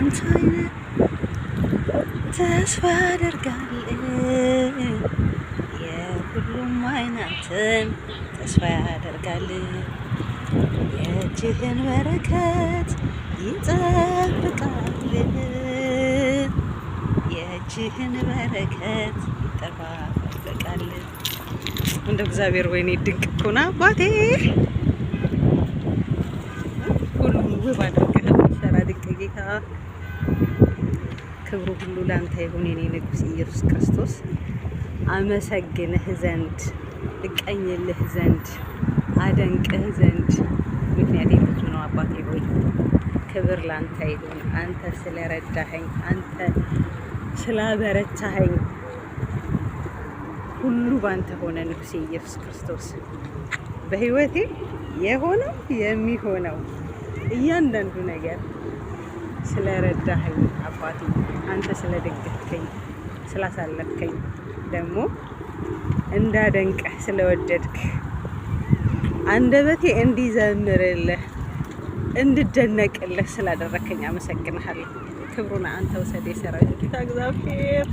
አንተን ተስፋ ያደርጋል የሁሉም አይን ተስፋ ያደርጋል የእጅህን በረከት ይጠብቃል የእጅህን በረከት ይጠባበቃል። እንደ እግዚአብሔር ወይኔ ድንቅ እኮ ነው አባቴ ሁሉም ውብ አድርገህ ፈጠራ ድንቅ ጌታ ክብሩ ሁሉ ላንተ ይሁን የኔ ንጉስ ኢየሱስ ክርስቶስ። አመሰግንህ ዘንድ እቀኝልህ ዘንድ አደንቅህ ዘንድ ምክንያት ብዙ ነው አባቴ ሆይ ክብር ላንተ ይሁን። አንተ ስለረዳኸኝ፣ አንተ ስላበረታኸኝ ሁሉ ባንተ ሆነ ንጉሴ ኢየሱስ ክርስቶስ። በህይወቴ የሆነው የሚሆነው እያንዳንዱ ነገር ስለረዳኸኝ አባቴ፣ አንተ ስለደገፍከኝ፣ ስላሳለፍከኝ ደግሞ እንዳደንቀህ ስለወደድክ አንደበቴ እንዲዘምርልህ እንድደነቅልህ ስላደረከኝ አመሰግንሃለሁ። ክብሩን አንተ ውሰድ። የሰራዊት ጌታ እግዚአብሔር